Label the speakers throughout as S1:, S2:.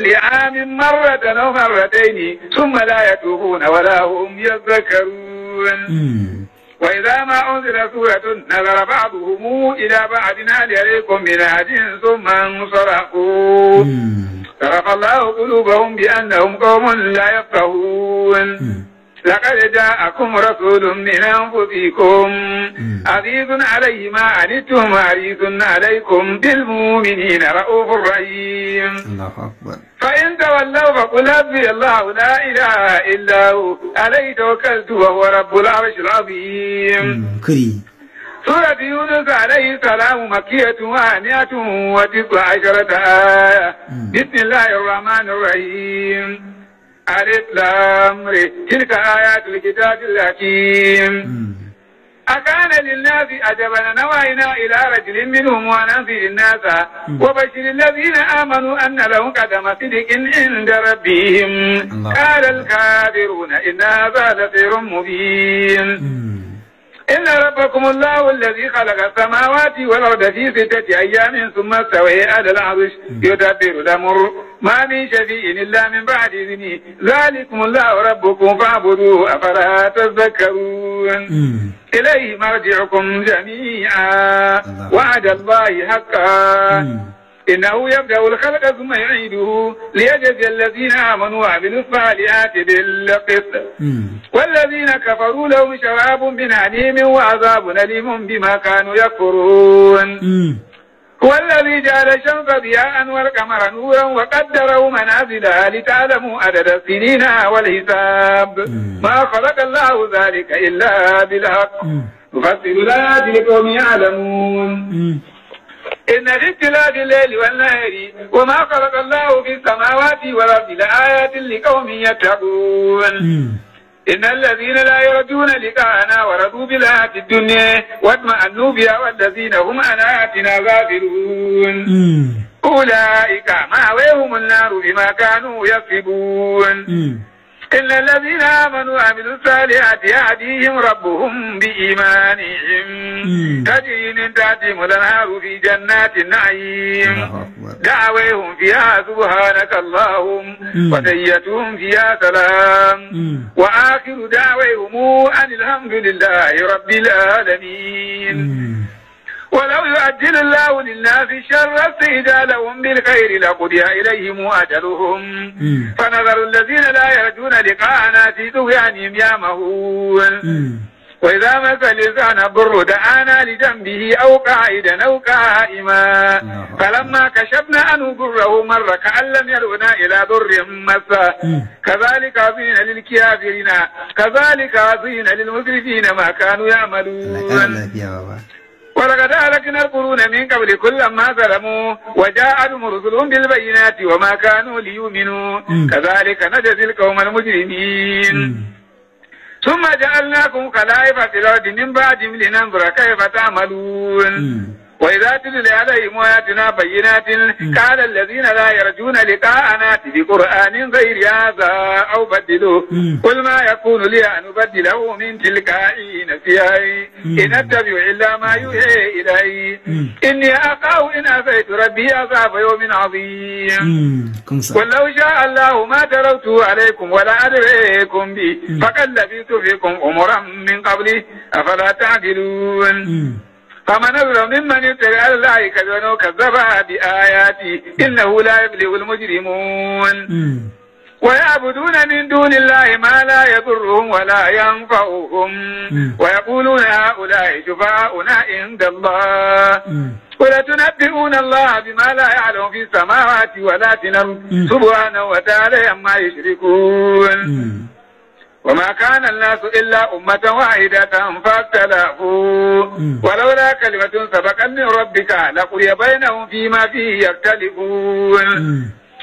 S1: لعام مرة أو مرتين ثم لا يتوبون ولا هم يذكرون وإذا ما أنزلت سورة نظر بعضهم إلى بعض هل يليكم من عهد ثم انصرفوا فرق الله قلوبهم بأنهم قوم لا يفقهون لقد جاءكم رسول من أنفسكم عزيز عليه ما عنتم حريص عليكم بالمؤمنين رؤوف رحيم الله أكبر فإن تولوا فقل حسبي الله لا إله إلا هو عليه توكلت وهو رب العرش العظيم سورة يونس عليه السلام مكية وهانية وتسع عشرة آية بسم الله الرحمن الرحيم أريد لامري تلك آيات الكتاب الحكيم أكان للناس أجبنا نوينا إلى رجل منهم وننزل الناس وبشر الذين آمنوا أن لهم قدم صدق عند ربهم قال الكافرون إن هذا لسير مبين إن ربكم الله الذي خلق السماوات والأرض في ستة أيام ثم استوى على العرش يدبر الأمر ما من شفيء إلا من بعد إذنه ذلكم الله ربكم فاعبدوه أفلا تذكرون إليه مرجعكم جميعا وعد الله حقا إنه يبدأ الخلق ثم يعيده ليجزي الذين آمنوا وعملوا الصالحات بالقسط والذين كفروا لهم شراب من عليم وعذاب أليم بما كانوا يكفرون والذي جعل الشمس ضياء والقمر نورا وقدره منازلها لتعلموا عدد السنين والحساب ما خلق الله ذلك إلا بالحق يفصل الآيات لقوم يعلمون إن في اختلاف الليل والنهار وما خلق الله في السماوات والأرض لآيات لقوم يتقون إن الذين لا يرجون لقاءنا ورضوا بالحياة الدنيا واطمأنوا بها والذين هم عن آياتنا غافلون أولئك مأويهم النار بما كانوا يكسبون إن الذين آمنوا وعملوا الصالحات يهديهم ربهم بإيمانهم تجري من تحتهم الأنهار في جنات النعيم دعويهم فيها سبحانك اللهم وتيتهم فيها سلام وآخر دعويهم أن الحمد لله رب العالمين ولو يؤجل الله للناس شر لهم بالخير لقضي إليهم أجلهم فنظر الذين لا يرجون لقاءنا في طغيانهم يامهون وإذا مس الإنسان بر دعانا لجنبه أو قاعدا أو قائما نعم. فلما كشفنا عنه بره مر كأن لم يلغنا إلى بر مسا كذلك أعطينا للكافرين كذلك أعطينا للمسرفين ما كانوا يعملون ولقد أهلكنا القرون من قبل كل ما ظلموا وجاءهم رسلهم بالبينات وما كانوا ليؤمنوا كذلك نجزي القوم المجرمين ثم جعلناكم خلائف في الأرض من بعدهم لننظر كيف تعملون وإذا تتلى عليهم آياتنا بينات قال الذين لا يرجون لقاءنا بقرآن غير هذا أو بدلوا قل ما يكون لي أن أبدله من تلقاء نفسي إن أتبع إلا ما يوحي إلي إني أخاف إن أفيت ربي أخاف يوم عظيم ولو شاء الله ما تلوته عليكم ولا أدريكم به فقد لبثت فيكم أمرا من قبلي أفلا تعقلون فمن أظلم ممن يتبع الله كذبا وكذبها بآياته إنه لا يبلغ المجرمون ويعبدون من دون الله ما لا يضرهم ولا ينفعهم ويقولون هؤلاء شفاؤنا عند الله تنبئون الله بما لا يعلم في السماوات ولا في الأرض سبحانه وتعالى عما يشركون وما كان الناس إلا أمة واحدة فاختلفوا ولولا كلمة سبقت من ربك لقضي بينهم فيما فيه يختلفون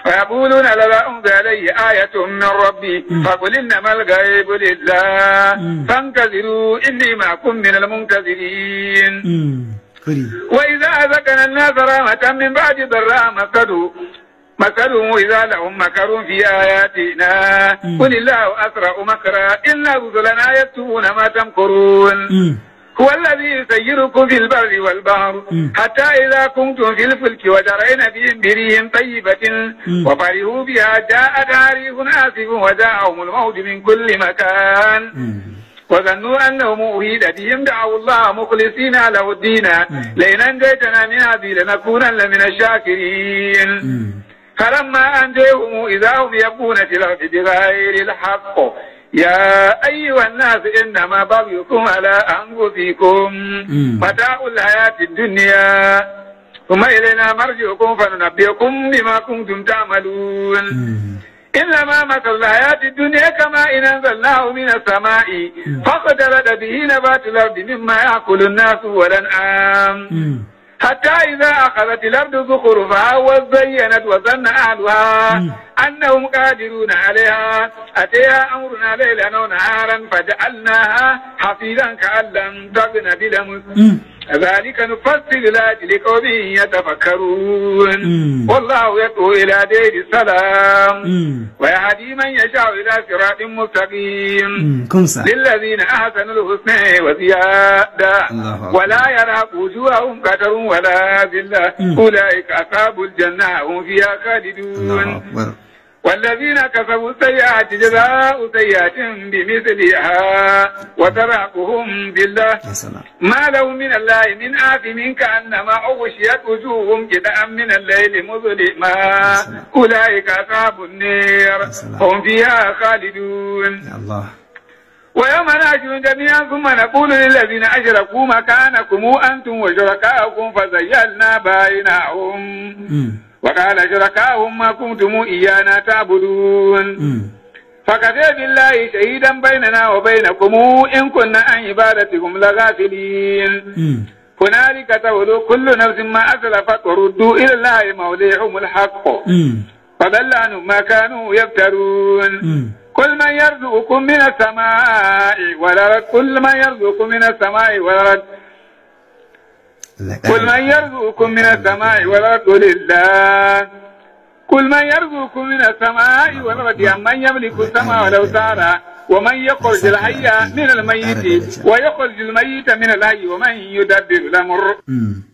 S1: ويقولون لولا أنزل عليه آية من ربي فقل إنما الغيب لله فانتظروا إني معكم من المنتظرين وإذا أذكنا الناس رحمة من بعد ضراء مسدوا مثلهم إذا لهم مكر في آياتنا قل الله أسرع مكرا إن رسلنا يكتبون ما تمكرون هو الذي يسيركم في البر والبحر حتى إذا كنتم في الفلك وجرين بهم بريهم طيبة وفرحوا بها جاء تاريخ آسف وجاءهم الموت من كل مكان وظنوا أنهم اريد بهم دعوا الله مخلصين له الدين لئن أنجيتنا من هذه لنكونن من الشاكرين فلما أنجيهم إذا هم يبون في الأرض بغير الحق يا أيها الناس إنما بغيكم على أنفسكم متاع الحياة الدنيا ثم إلينا مرجعكم فننبئكم بما كنتم تعملون إنما مثل الحياة الدنيا كما إن أنزلناه من السماء فقد فاختلط به نبات الأرض مما يأكل الناس والأنعام حتى إذا أخذت الأرض زخرفها وزينت وظن أهلها أنهم قادرون عليها أتيها أمرنا ليلا ونهارا فجعلناها حفيظا كأن لم تغن بلمس كذلك نفصل الآيات لقوم يتفكرون والله يدعو إلى دير السلام ويهدي من يشاء إلى صراط مستقيم للذين أحسنوا الحسنى وزيادة ولا يرهق وجوههم قدر ولا ذلة أولئك أصحاب الجنة هم فيها خالدون والذين كسبوا السيئات جزاء سيئات بمثلها وتراكهم بالله ما لهم من الله من آثم كأنما أغشيت وجوههم جداء من الليل مظلما أولئك أصحاب النير هم فيها خالدون يا الله ويوم نأتي جميعا ثم نقول للذين أشركوا مكانكم أنتم وشركاؤكم فزيلنا بينهم وقال شركاهم ما كنتم إيانا تعبدون فكفى بالله شهيدا بيننا وبينكم إن كنا عن عبادتكم لغافلين هنالك تولوا كل نفس ما أسلفت وردوا إلى الله موليهم الحق فضل عنهم ما كانوا يفترون كل من يرزقكم من السماء والأرض كل من يرزقكم من السماء والأرض قل من يرزقكم من السماء والأرض لله قل من يرزقكم من السماء والأرض من يملك السماء ولو سارا ومن يخرج الحي من الميت ويخرج الميت من الحي ومن يدبر الأمر